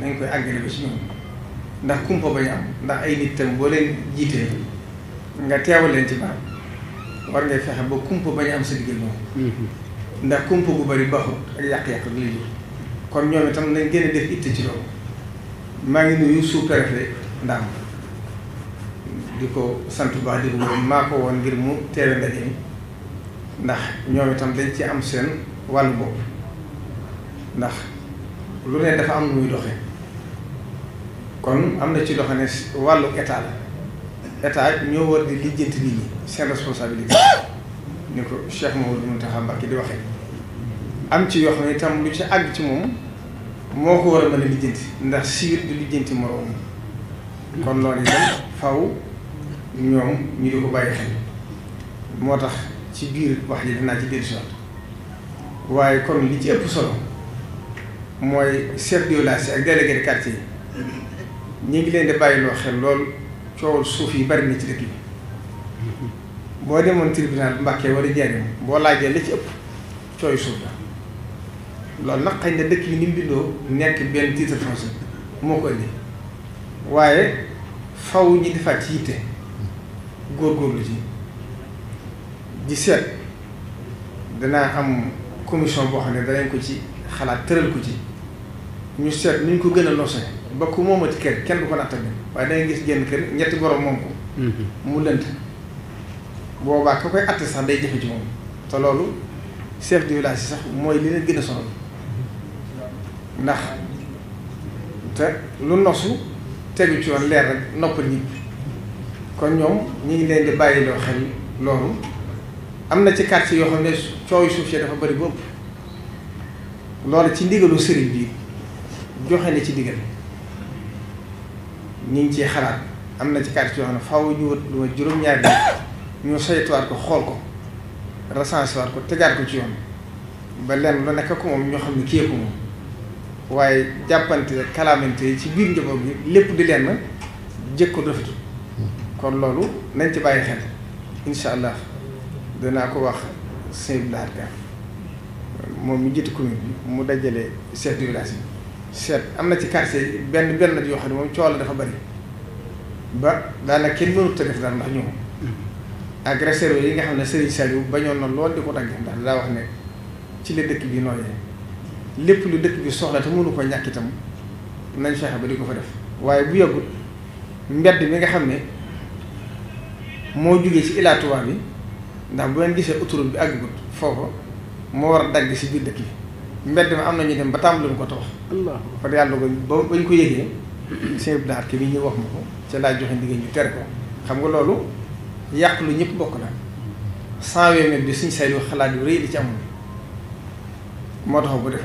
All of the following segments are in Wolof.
nañ koy àggale ba ci ñoom ndax kumpa bañ am ndax ay nit tam boo leen jiitee nga teewal leen ci barab war ngay fexe ba kumpa bañ am sa diggal moom mm-hmm. ndax kumpa bu bari baaxut ak yàq-yàq du lay kon ñoom itam nañ gën def itte ci loolu maa ngi nuyu sous-préfet ko sant bu di ko maa ko woon ngir mu teewe ndaje mi ndax ñoom itam dañ ci am seen wàllu bopp ndax lu ne dafa am nu muy doxe kon am na ci loo xam ne wàllu état la état ñoo war di lijjanti bi ñi seen responsabilité ni ko Cheikh Mawlid Mountakha Mbacké di waxee am ci yoo xam ne lu ci àgg ci moom moo ko war a mën a lijjanti ndax siir du lijjanti moroom kon loolu itam faw ñoom ñu di ko bàyyi xel moo tax ci biir wax ji dinaa ci biir si waaye kon li ci ëpp solo mooy chef de village ak délégué quartier ñu ngi leen di bàyyiloo xel lool coowul suuf yi bari na ci dëkk bi boo demoon tribunal Mbàkke wala Njaaréem boo laajee li ci ëpp cooy suuf la loolu nag xëy na dëkk yi ni mu nekk benn titre foncier moo ko indi waaye faw ñi defaat ci yitte góorgóorlu ci di seet danaa am commission boo xam ne danañ ko ci xalaat tëral ko ci ñu seet ni ñu ko gën a noosee ba ku moomati kër kenn du ko natt waaye da ngay gis génn kër ñetti borom moom ko. Mhm. mu lënt boobaa ka koy atte sax day jafe ci moom te loolu chef de village yi sax mooy li leen gën a sonal ndax te lu nosu tegu ci woon leer rek noppal nit kon ñoom ñu ngi leen di bàyyi loo xel loolu am na ci quartier yoo xam ne coow suuf dafa bëri ba loolu ci ndigalu sëriñ bi joxe na ci ndigal. ñu ngi ciy xalaat am na ci quartier yoo xam ne faaw ñu wut lu ma juróom-ñaari ñu saytuwaat ko xool ko recensé ko tegaat ko ci yoon ba lenn lu nekk ko moom ñoo xam ne kii ko moom waaye jàppante kalaamante yi ci biir njaboot bi lépp di leen jëkk ko dofatu kon loolu nañ ci bàyyi xel incha allah danaa ko wax sëñ Blaar moom mi jiite commune mu dajale chef de village seet am na ci quartier yi benn benn yoo xam ne moom coow la dafa bari ba daanaka kenn mënut a def daal ndax ñëw ak yi nga xam ne Serigne Saliou bañoon na lool di ko dagg ndax daa wax ne ci la dëkk bi nooyee lépp lu dëkk bi soxla te mënu ko ñàkk itam nañ fexe ba di ko fa def waaye bu yàggul mbedd mi nga xam ne moo jugee ci Ila Touba bi ndax bu ngeen gisee autoroute bi àggut foofu moo war a dagg si biir dëkk yi mbedd mi am na ñu dem ba tàmbali ko tabax. kon yàlla ko ba ba ñu ko yëgee sëñ Abdou Lahad ki bi ñu wax ma ko ca laa joxe ndigal ñu tere ko xam nga loolu yàq lu ñëpp bokk na cent bi suñ say xalaat yu rëy li moo tax bu def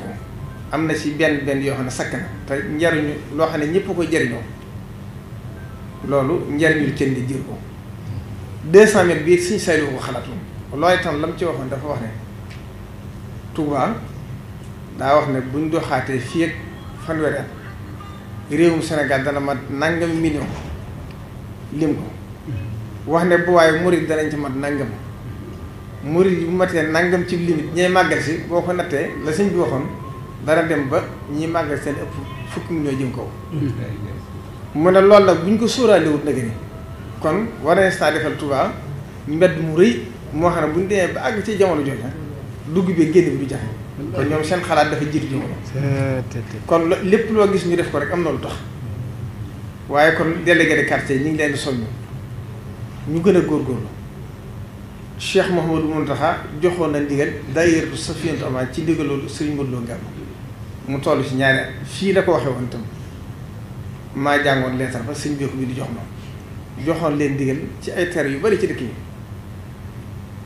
am na ci benn benn yoo xam ne sakk te njariñu loo xam ne ñëpp koy jëriñoo loolu njariñul kenn di jër ko deux cent mètres bii suñ say ko xalaat loolu itam la mu ci waxoon dafa wax ne Touba. daa wax ne buñ doxaatee fii ak fanweeri at réewum Sénégal dana ma nangam million lim ko wax ne bu waaye murid danañ ci mat nangam murid yi bu matee nangam ci limite ñay màggal si boo ko nattee la sëñ bi waxoon dana dem ba ñiy màggal seen ëpp fukki million jëm kaw mu ne loolu nag buñ ko sóoraalewut nag ni kon war nañ saa defal Touba mbedd mu rëy moo wax ne buñ demee ba àgg ci jamono jooju dugg bi génn bi du jaxe kon ñoom seen xalaat dafa jiitu jamono kon lépp loo gis ñu def ko rek am na lu tax waaye kon délégué de quartier ñi ngi leen di soññ ñu gën a góorgóorlu Cheikh Mouhamadou Mountakha joxoon na ndigal d'ailleurs du Safiantu Amaan ci ndigal loolu Serigne Modou Lo Ngalla mu toll ci ñaari at fii la ko waxee woon itam maa jàngoon leetar ba sëñ bi ko bi di jox ma joxoon leen ndigal ci ay ter yu bari ci dëkk yi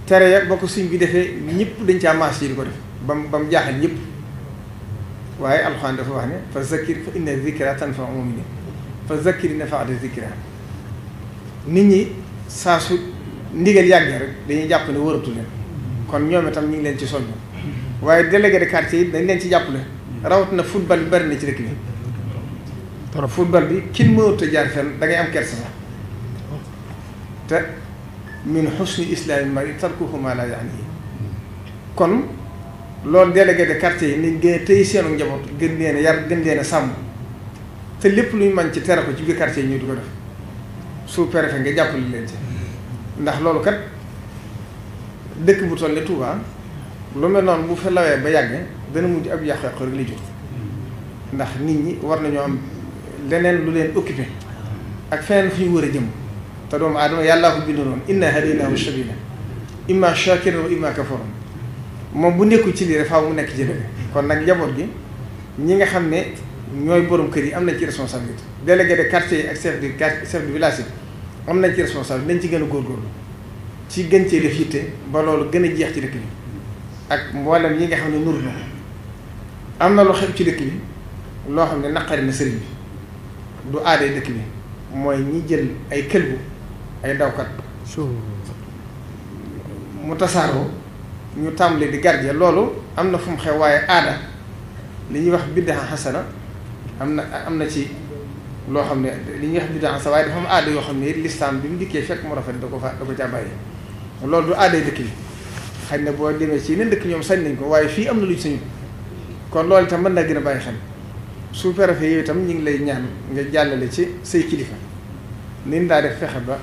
tere ya ba suñ bi defee ñëpp dañ ci maas yi di ko def ba mu ba mu jaaxal ñëpp waaye alxuraan dafa wax ne fa zakir fa inna zikra tanfa'u mu'minin fa zakir nafa'at zikra nit ñi saa su ndigal yàggee rek dañuy jàpp ne wëratu kon ñoom itam ñu ngi leen ci soññ waaye délégué de quartier yi dañ leen ci jàppale rawatina football bi bari na ci dëkk bi trop football bi kin mënut a jaar fenn da ngay am kersa te. من حسن إسلام المرء تركه ما لا يعنيه كون لول ديالا غادي كارتي ني غي من سي نون جابوت غندينا يار غندينا سام تا ليپ لوي مان تي تيرا كو تي بي كارتي ني دوغا داف سو بيرف غي جابول لين تي نداخ لولو كات دك بوتون لي توبا لو مي نون بو في لاوي با ياغ دا نمو اب ياخ خو رك لي جوت نداخ نيت ني وار نانيو ام لنين في وري تروم عدم يلا هو بينون إن هذين هو شبيه إما شاكر أو إما كفر ما بني كتير رفاه من كجنة كنا جابوا جين نيجا خمّة نوي بروم كري أم نكير سمع سميت دلّا جد كارتة أكسف دي كارت أكسف دي بلاسي أم نكير سمع سميت نتيجة نقول قول تيجي نتيجة رفيتة بالول جن جيّح تلكني أك موالم نيجا خمّة نورنا أم نلو خيب تلكني الله خمّة نقر نسرين دو عادي تلكني ما نيجي أي كلبو ay dawkat mu tasaaroo ñu tàmbalee di garje loolu am na fu mu xew waaye aada li ñuy wax biddaa xasana am na am na ci loo xam ne li ñu wax biddaa xasana waaye dafa am aada yoo xam ne lislaam bi mu dikkee fekk mu rafet da ko fa da ko jàbbaay loolu du aaday dëkk bi xëy na boo demee ci yeneen dëkk ñoom sañ nañ ko waaye fii am na lu ñu sañu kon loolu itam mën naa gën a bàyyi xel sous-préfet yooyu itam ñu ngi lay ñaan nga jàllale ci say kilifa ni daa def fexe ba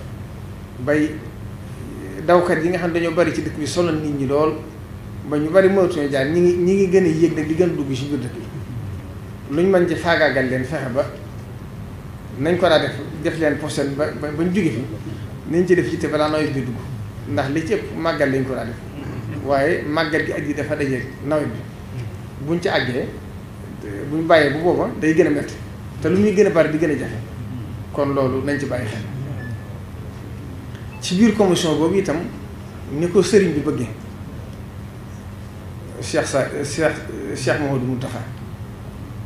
bay dawkat yi nga xam dañoo bari ci dëkk bi solo nit ñi lool ba ñu bari mënatuñu jaar ñi ngi ñi ngi gën a yéeg nag di gën a dugg ci biir dëkk bi luñ mën ci faagaagal leen fexe ba nañ ko daa def def leen posen ba ba ñu jóge fi nañ ci def yitte balaa nawet bi dugg ndax li ci ëpp màggal lañ ko daa def waaye màggal gi at yi dafa dajeeg nawet bi buñ ci àggee buñ bàyyee bu booba day gën a métti te lu muy gën a bari di gën a jafe kon loolu nañ ci bàyyi ci biir commission boobu itam ni ko sëriñ bi bëggee Cheikh sa Cheikh Cheikh Mamadou Moustapha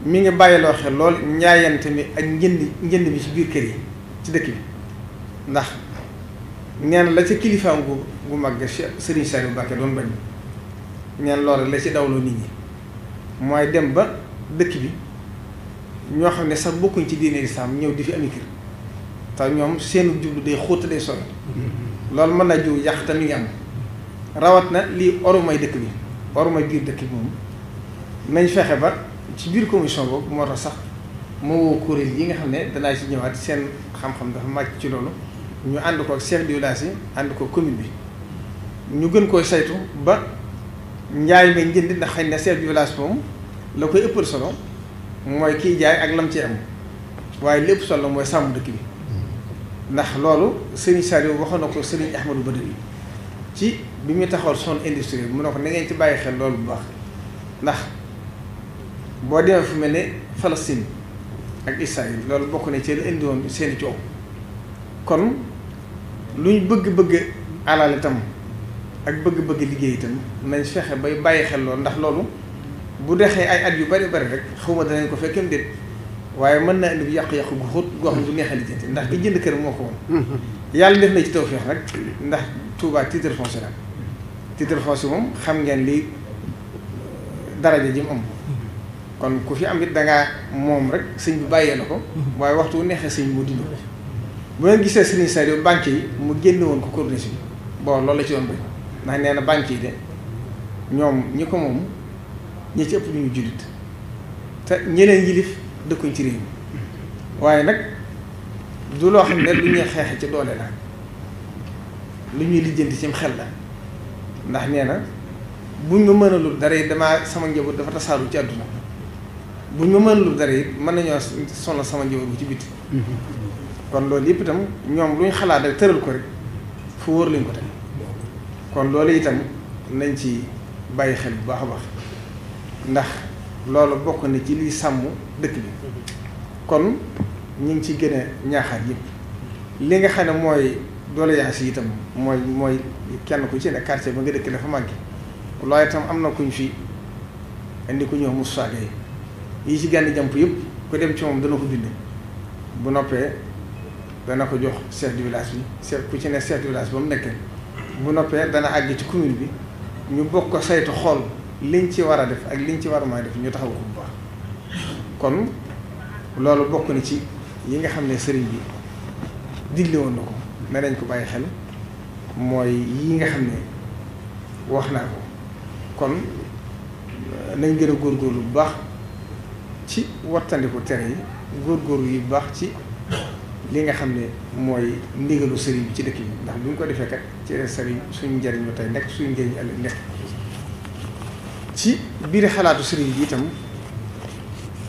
mi ngi bàyyiloo xel lool njaayante mi ak njënd njënd bi ci biir kër yi ci dëkk bi ndax neen la ca kilifaam gu gu mag sëriñ Saliou Mbacké doon bañ neen loolu la ci dawloo nit ñi mooy dem ba dëkk bi ñoo xam ne sax bokkuñ ci diine lislaam ñëw di fi ami kër te ñoom seenu jublu day xóot day sori loolu mën na jiw yàq te mi ngi am rawat na lii orumay dëkk bi orumay biir dëkk bi moom nañ fexe ba ci biir commission boobu moo tax sax moo woo kuréel yi nga xam ne danaa ci ñëwaat seen xam-xam dafa màcc ci loolu ñu ànd ko ak chef de yi ànd ko commune bi ñu gën koy saytu ba njaay ma njënd ndax xëy na chef de village moom la koy ëppal solo mooy kiy jaay ak lam ci am waaye lépp solo mooy sàmm dëkk bi ndax loolu Serigne Saliou waxoon na ko Serigne Ahmadou Badali ci bi muy taxawal son industrie mu ne ko na ngeen ci bàyyi xel loolu bu baax ndax boo demee fu mel ne Palestine ak Israël loolu bokk na ci la indi woon seeni coow kon luñ bëgg-bëgg alal itam ak bëgg-bëgg liggéey itam nañ fexe bay bàyyi xel loolu ndax loolu bu dexee ay at yu bari bari rek xawma danañ ko fekkem déet waaye mën na indi bu yàqu-yàqu gu xóot goo xam ne du neex ndax ki jënd kër moo ko woon mm-hmm. yàlla def na ci tawfeex rek ndax Touba titre foncier la titre foncier moom xam ngeen li daraja ji mu am kon ku fi am it dangaa moom rek sëñ bi bàyyee na ko mm-hmm. waaye waxtu wu neexee sëñ mu dindi ko bu ngeen gisee sëriñ Saliou banque yi mu génne woon ko corniche bi bon loolu la ci doon bëri ndax nee na banque yi de ñoom ñi ko moom ñi ci ëpp ñu jullit te ñeneen yilif dëkkuñ ci réew mi waaye nag du loo xam ne lu ñuy xeexe ci doole la lu ñuy lijjanti ci xel la ndax nee na buñ ma mënalul dara it damaa sama njaboot dafa tasaaru ci àdduna buñ ma mënalul dara it mën nañoo sonal sama njaboot bu ci biti kon loolu yëpp itam ñoom luñ xalaat rek tëral ko rek fu wóor lañ ko tam kon loolu itam nañ ci bàyyi xel bu baax a baax ndax loolu bokk na ci liy sàmm dëkk bi mhm. kon ñu ngi ci gën a ñaaxaat yëpp li nga xam ne mooy doléance yi itam mooy mooy kenn ku ci ne quartier ba nga dëkk dafa manqué loolu itam am na ko ñu fi indi ku ñëw Moussa Gueye yi ci gànn jàmp yëpp ku dem ci moom dana ko bind bu noppee dana ko jox chef du bi chef ku ci ne chef du ba mu nekkee bu noppee dana àgg ci commune bi ñu bokk ko saytu xool liñ ci war a def ak liñ ci war maa def ñu taxaw ko bu baax kon loolu bokk na ci yi nga xam ne sëriñ bi digle woon na ko ne nañ ko bàyyi xel mooy yi nga xam ne wax naa ko kon euh, nañ gën a góor góorgóorlu bu baax ci wattandiku tere yi góor yi bu baax ci li nga xam ne mooy ndigalu sëriñ bi ci lëkk yi ndax bu ñu ko defee kat ci sëriñ suñu njariñ njëriñu tey nekk suñu njëriñu ëllëg nekk ci biir xalaatu sëriñ bi itam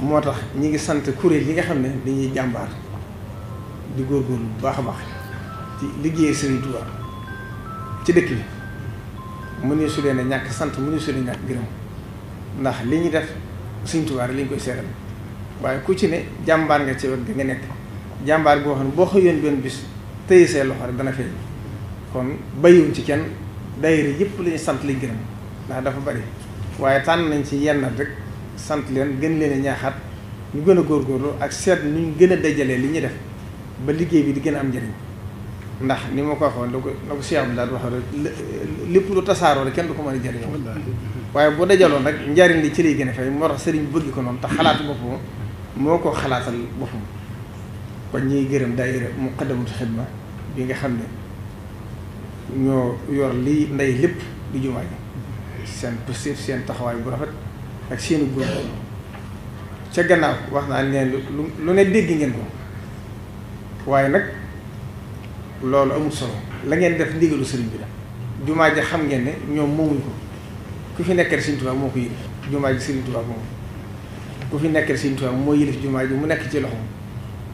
moo tax ñi ngi sant kuréel yi nga xam ne dañuy jàmbaar di góorgóorlu bu baax a baax ci liggéey sëriñ Tuubaa ci dëkk bi mu ne su leen a ñàkk sant mu ne su leen ñàkk gërëm ndax li ñu def sëriñ Tuubaa rek lañ koy seeral waaye ku ci ne jàmbaar nga ci bi ga nga nekk jàmbaar goo xam ne boo xëyoon benn bis tëye see loxo dana feeñ kon bàyyiwuñ ci kenn daayira yëpp lañu sant lañ gërëm ndax dafa bari waaye tànn nañ ci yenn rek sant leen gën leen ñaaxaat ñu gën a góor góorgóorlu ak seet nu ñu gën a dajalee li ñuy def ba liggéey bi di gën a am njëriñ ndax ni ma ko waxoon da ko da ko Cheikh Abdoulaye lépp lu tasaaroo rek kenn du ko mën a jëriñoo waaye bu dajaloon rek njariñ li ci lay gën a fay moo tax sëriñ bëgg ko noonu te xalaat boppam moo ko xalaatal boppam kon ñuy gërëm daayira Muqaddamatul Xidma bi nga xam ne ñoo yor lii ndey lépp di jumaa ji seen pëstéef seen taxawaay bu rafet ak seenu góor ca gannaaw wax naa leen lu lu ne dégg ngeen ko waaye nag loolu amul solo la ngeen def ndigalu sëriñ bi la jumaa ji xam ngeen ne ñoom moomuñ ko ku fi nekkal Sëriñ Tuubaa moo ko yëlif jumaa ji Sëriñ Tuubaa moomu ku fi nekkal Sëriñ moo yëlif jumaa ji mu nekk ci loxoom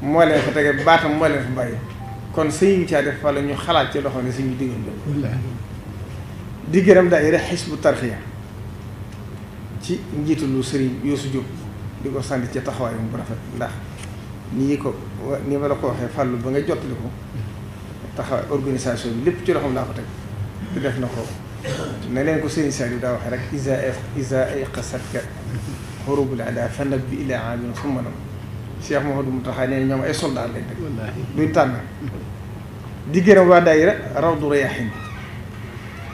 moo leen fa tege baatam moo leen fa bàyyi kon sëriñ caa def fa la ñu xalaat ci loxo ne suñu digal di gërëm daayira Hizbut Tarqiyyah ci njiitalu Serigne Youssou Diop di ko sant ci taxawaayam bu rafet ndax ni ko ni ma la ko waxee fàllu ba nga jottali ko taxawaay organisation bi lépp ci loxoom laa ko teg te def na ko ne leen ko Serigne yi daa waxee rek isa isa ayqasatka xurubul ada fa nabbi ilaa amin summa nam Cheikh Mouhamadou Mountakha nee ñoom ay soldat lañ rek duñ tànn di gërëm waa daayira Rawdu Rayaahin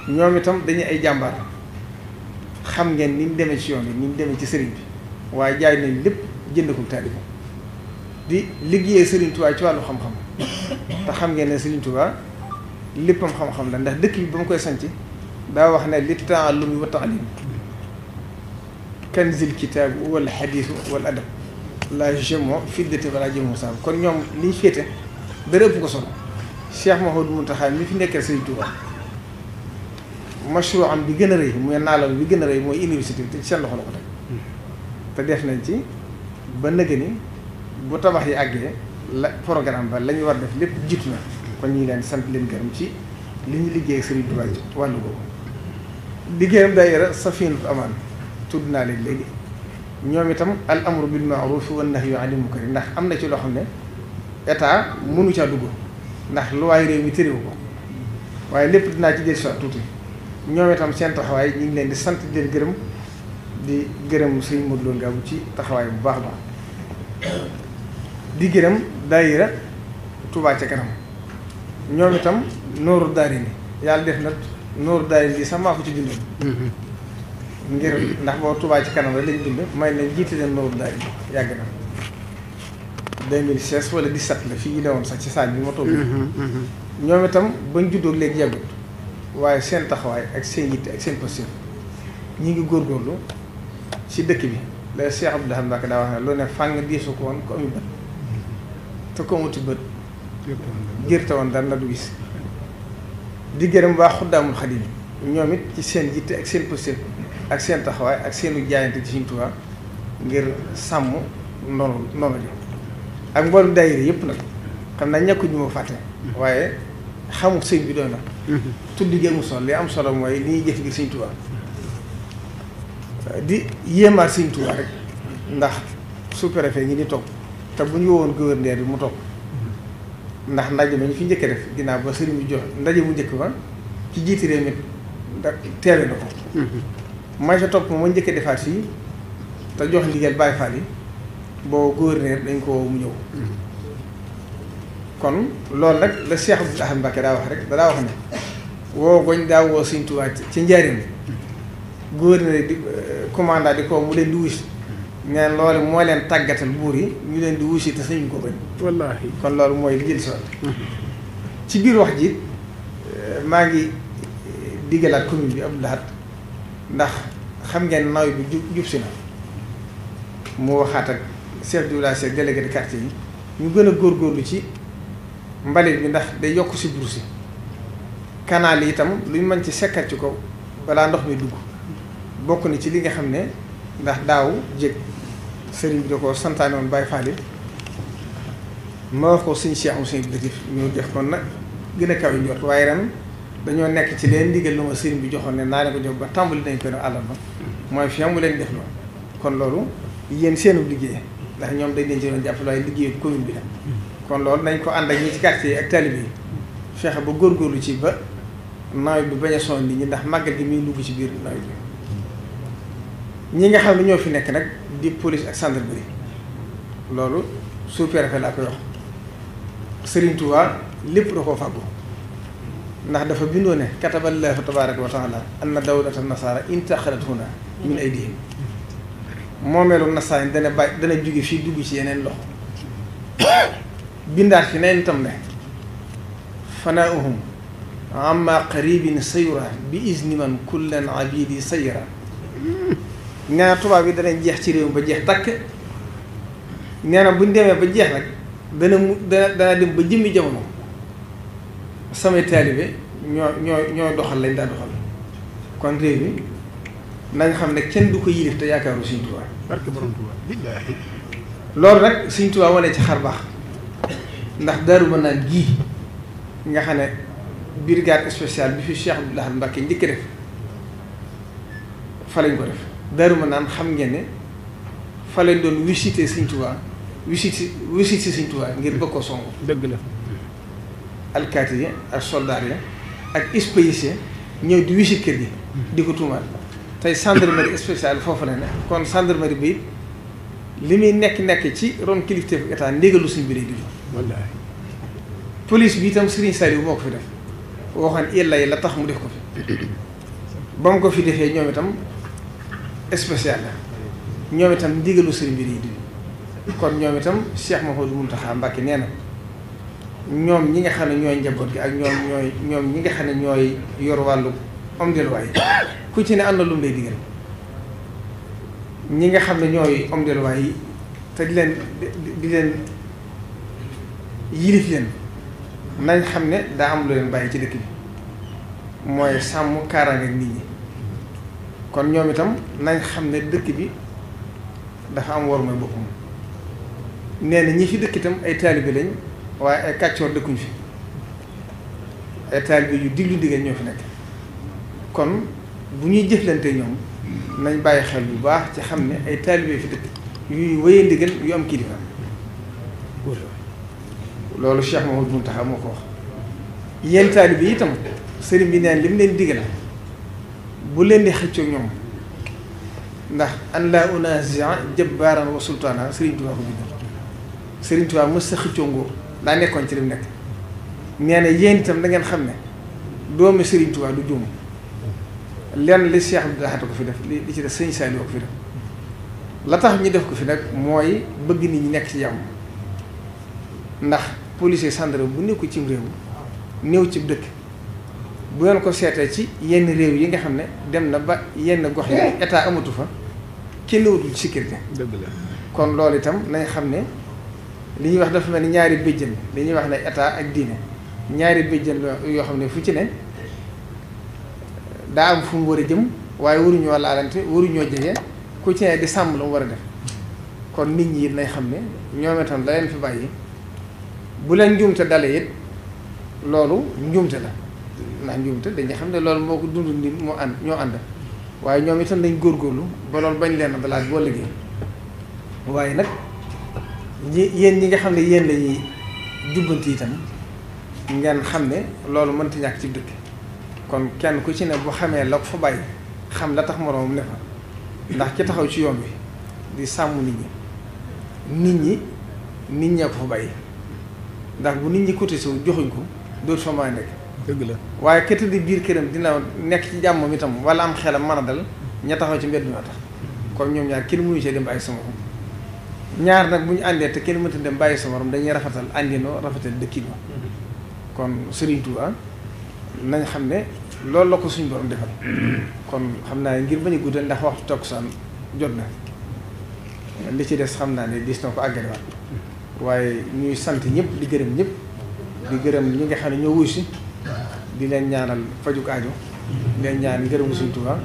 ñoom itam dañu ay jàmbaar xam ngeen ni ñu demee ci yoon bi ni ñu demee ci sëriñ bi waaye jaay nañ lépp jënd ko taalibe di liggéeyee sëriñ Tuubaa ci wàllu xam-xam te xam ngeen ne sëriñ Tuubaa léppam xam-xam la ndax dëkk bi ba mu koy sanc daa wax ne li taallum wa taalim kanzil kitaab wala xadiis wala adab la jemo fiddati wala jemo saab kon ñoom liñ féete dara ëpp ko solo Cheikh Mouhamadou Mountakha mi fi nekkee sëriñ Tuubaa مشروع عم بيجنري مو ينالو يعني بيجنري مو ينيفيسيتي تنشان لو خلقته تديح نجي بنجني بتبعه يأجي لا برنامج بل لين يوارد في لب جيتنا كني يعني لين سامبلين كرمشي لين اللي جاي سري دواج وانو ديجيم دايرة سفين أمان تودنا للي نيوم يتم الأمر بالمعروف والنهي عن المنكر نح أمنا شلو حمل يتع منو تشادوغو نح لو عيري ميتري وقو وعلي بدنا تيجي شاطوتي ñoom itam seen taxawaay ñu ngi leen di sant di leen gërëm di gërëm sëñ Modou Lo Ngabou ci taxawaay bu baax baax di gërëm daayira tubaa ci kanam ñoom itam nooru daari ni yàlla def na nooru daari ni sax maa ko ci bindoon mm-hmm. ngir ndax boo Touba ci kanam rek lañ bind may leen jiite leen nooru daari yàgg na 2016 wala 17 la fii ñu newoon sax ci saaj bi ma toog mm-hmm. Mm-hmm. ñoom itam bañ juddoo léegi yàggut waaye seen taxawaay ak seen yitte ak seen posture ñi ngi góorlu ci dëkk bi la Cheikh Abdou Lahad Mbacké daa wax ne lu ne fàng diisu ko woon ko amu bët te ko amuti bët gërte woon daan la du gis di gërëm waa Xuddaamul Xadiim ñoom it ci seen yitte ak seen posture ak seen taxawaay ak seenu jaayante ci Sëriñ Tuubaa ngir sàmm noonu noonu ji ak mboolem daayira yëpp nag xam naa ñàkkuñu ma fàtte waaye xamul sëñ bi doy nag mm-hmm. tuddi gën mu sonal li am solo mooy li ñuy jëf ngir sëñ Tuubaa di yéemaat sëñ Tuubaa rek ndax sous-préfet ñi di toog te bu ñu woon gouverneur bi mu toog ndax ndaje ma ñu fi njëkk a def ginnaaw ba sëriñ bi joxe ndaje mu njëkk ba ci jiiti réew mi teewe na ko. Mm-hmm. may sa topp ma njëkk defaat fii te jox ndigal Baay Faal yi boo gouverneur dañ ko mu ñëw. Mm-hmm. kon loolu rek la Cheikh Abdoul Ahad Mbacké daa wax rek daa wax ne woo goñ daa woo Sëñ Tuubaa ci njariñ gouverneur di euh, commandant di ko mu leen di wusi moo leen tàggatal buur yi ñu leen di wusi te sañuñ ko bañ wallaahi kon loolu mooy li jël sol ci biir wax ji euh, maa ngi euh, diggalaat commune bi Abdoul Ahad ndax xam ngeen naw bi jub jub si na mu waxaat ak chef de village délégué de quartier yi ñu gën a góor góorlu ci mbalit bi ndax day yokk si bourse kanaal yi itam lu ñu ci sekkat ci ko balaa ndox mi dugg bokk na ci li nga xam ne ndax daaw jég sëriñ bi da ko santaane woon Baye Fall ma wax ko suñ si am suñ bitif ñu nag gën a kaw yi njort waaye ren dañoo nekk ci leen ndigal lu ma sëriñ bi joxoon ne naa ne ko jox ba tàmbali nañ ko ne àllal ma mooy fi mu leen def la kon loolu yéen seenu liggéey ndax ñoom dañ leen ci doon jàppale waaye liggéey commune bi kon loolu nañ ko ànd ak ñi ci quartier yi ak talib yi fexe góor góorgóorlu ci ba nawet bi bañ a sonn nit ñi ndax màggal gi muy dugg ci biir nawet ñi nga xam ne ñoo fi nekk nag di police ak gendarmerie loolu sous-préfet laa koy wax Serigne Touba lépp da koo fàggu ndax dafa bindoo ne kataballaahu tabaaraka wa taala anna dawlata nasaara intaqalat huna min aydihim moomeelu nasaara dana bàyyi dana jóge fii dugg ci yeneen loxo بندار في نين تمنى فناؤهم عما قريب سيرا بإذن من كل عبيد سيرا نانا طبعا بدنا نجيح تيريهم بجيح تك نانا بندام بجيح لك دنا دنا بجيمي جمعنا سامي تالبي نيو نيو نيو دخل لين دا دخل كون ريبي نان خام نك كين دوكو ييرف تا ياكارو سين توبا بارك بروم توبا بالله لور رك سين توبا مولاي تي خار باخ ndax Daaru Manaan gii nga xam ne brigade spéciale bi fi Cheikh Abdoul Ahad Mbacké njëkk def fa lañ ko def Daaru naan xam ngeen ne fa lañ doon visité Sëñ Tuubaa visité visité Sëñ Tuubaa ngir bëgg koo songu. dëgg la. alkaati yi ak soldaar yi ak spécialisé ñëw di visite kër gi. di ko tuumaal tey gendarmerie spéciale foofu la ne kon gendarmerie bi. li muy nekk-nekk ci ron kilifteefu état ndégalu suñ bi lay di jox wallaahi police bi itam Serigne Saliou moo ko fi def waxoon yàlla yi la tax mu def ko fi ba mu ko fi defee ñoom itam spécial la ñoom itam ndigalu Serigne bi lay di kon ñoom itam Cheikh Mouhamadou Mountakha Mbacké nee na ñoom ñi nga xam ne ñooy njaboot gi ak ñoom ñoom ñi nga xam ne ñooy yor wàllu am delluwaay ku ci ne am na lu mu lay digal. ñi nga xam ne ñooy homme de loi te di leen di leen yilif leen nañ xam ne daa am lu leen bàyyi ci dëkk bi mooy sàmm kaaraange ak nit ñi kon ñoom itam nañ xam ne dëkk bi dafa am war mooy boppam nee na ñi fi dëkk itam ay taalibe lañ waaye ay kàccoor dëkkuñ fi ay taalibe yu diglu ndigal ñoo fi nekk kon bu ñuy jëflante ñoom nañ bàyyi xel bu baax ci xam ne ay taalibe fi dëkk yuy wéye ndigal yu am kilifa loolu Cheikh Mouhamadou Mountakha moo ko wax yéen taalibe yi itam sëriñ bi neen li mu leen digal bu leen di xëccoo ñoom ndax an laa unazia jabbaaran wa sultaana sëriñ Tuubaa ko bind sëriñ Tuubaa mës sa xëccoo nguur daa nekkoon ci li mu nekk nee na yéen itam da ngeen xam ne doomu sëriñ Tuubaa du juum lenn li Cheikh Abdou Lahad ko fi def li li ci def sëñ Saliou ko fi def la tax ñu def ko fi nag mooy bëgg nit ñu nekk ci jàmm ndax policier gendarme bu nekku cim réew néew ci dëkk bu ngeen ko seetee ci yenn réew yi nga xam ne dem na ba yenn gox yi eh! état amatu fa kenn wutul sécurité. dëgg la kon loolu itam nañ xam ne li ñuy wax dafa mel ni ñaari béjjën li ñuy wax ne état ak diine ñaari béjjën yoo xam ne fu ci ne. daa am fu mu war a jëm waaye waruñoo laalante waruñoo jege ku ci ne di sàmm lu mu war a def kon nit ñi it nañ xam ne ñoom itam la leen fi bàyyi bu leen njuumte dalee it loolu njuumte la ndax njuumte xam ne loolu moo ko dund ñoo ànd waaye ñoom itam dañ góorgóorlu ba loolu bañ leen dalaat boo liggéey waaye nag ñi yéen ñi nga xam ne yéen lañuy jubbanti itam ngeen xam ne loolu mënta ñàkk ci dëkk kon kenn ku ci ne bu xamee la ko fa bàyyi xam la tax moroom ne fa ndax ki taxaw ci yoon bi di sàmm nit ñi nit ñi nit ñee ko fa bàyyi ndax bu nit ñi côté si joxuñ ko dootu fa maa nekk. dëgg la waaye kete di biir këram dina nekk ci jàmmam itam wala am xelam mën a dal ña taxaw ci mbedd ñoo tax kon ñoom ñaar kenn mënu cee dem bàyyi sama ñaar nag bu ñu àndee te kenn mënta dem bàyyi sa moroom dañuy rafetal àndinoo rafetal dëkkinoo kon Serigne Touba nañ xam ne. loolu la ko suñ borom defal kon xam naa ngir bañ a guddal ndax waxtu takkusaan jot na li ci des xam naa ne gis na ko àggale waat waaye ñuy sant ñëpp di gërëm ñëpp di gërëm ñi nga xam ne ñoo wuy si di leen ñaanal fajuk aajo di leen ñaan ngërëmu suñ Tuubaa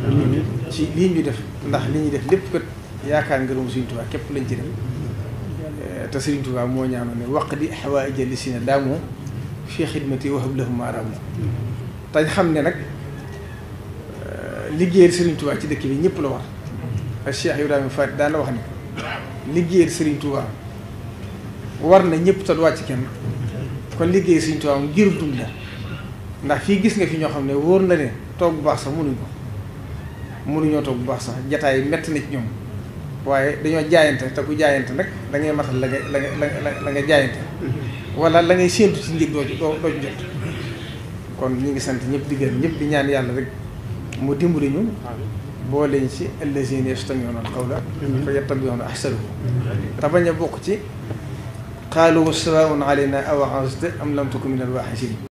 ci lii ñu def ndax li ñuy def lépp kat yaakaar ngërëmu suñ Tuubaa képp lañ ci def te Sëriñ Tuubaa moo ñaanoon ne waq di xawaa ijali si na daamoo fii xidmati wahab lahum maaraamu tañ xam ne nag euh, liggéeyal Serigne Touba ci dëkk bi ñëpp la war ak Cheikh Ibrahima Faty wax ne liggéeyal Serigne Touba war na ñëpp te du wàcc kenn kon liggéeyal Serigne Touba mu ngir dund la ndax fii gis nga fi ñoo xam ne wóor na ne toog bu baax sax mënuñ ko bu baax sax jataay metti na ñoom waaye dañoo jaayante te ku jaayante nag da ngay matal la nga la la nga jaayante mm-hmm. wala la ngay séentu ci njëg doo doo doo jot. kon ñi ngi sant ñëpp di gërëm ñëpp di ñaan yàlla rek mu dimbali ñu boo leen ci allazina yastami'una al-qawla fa yattabi'una ahsanahu te bañ a bokk ci qaalu salaamun alayna aw a'aznaa am lam takun min al-waaxisiin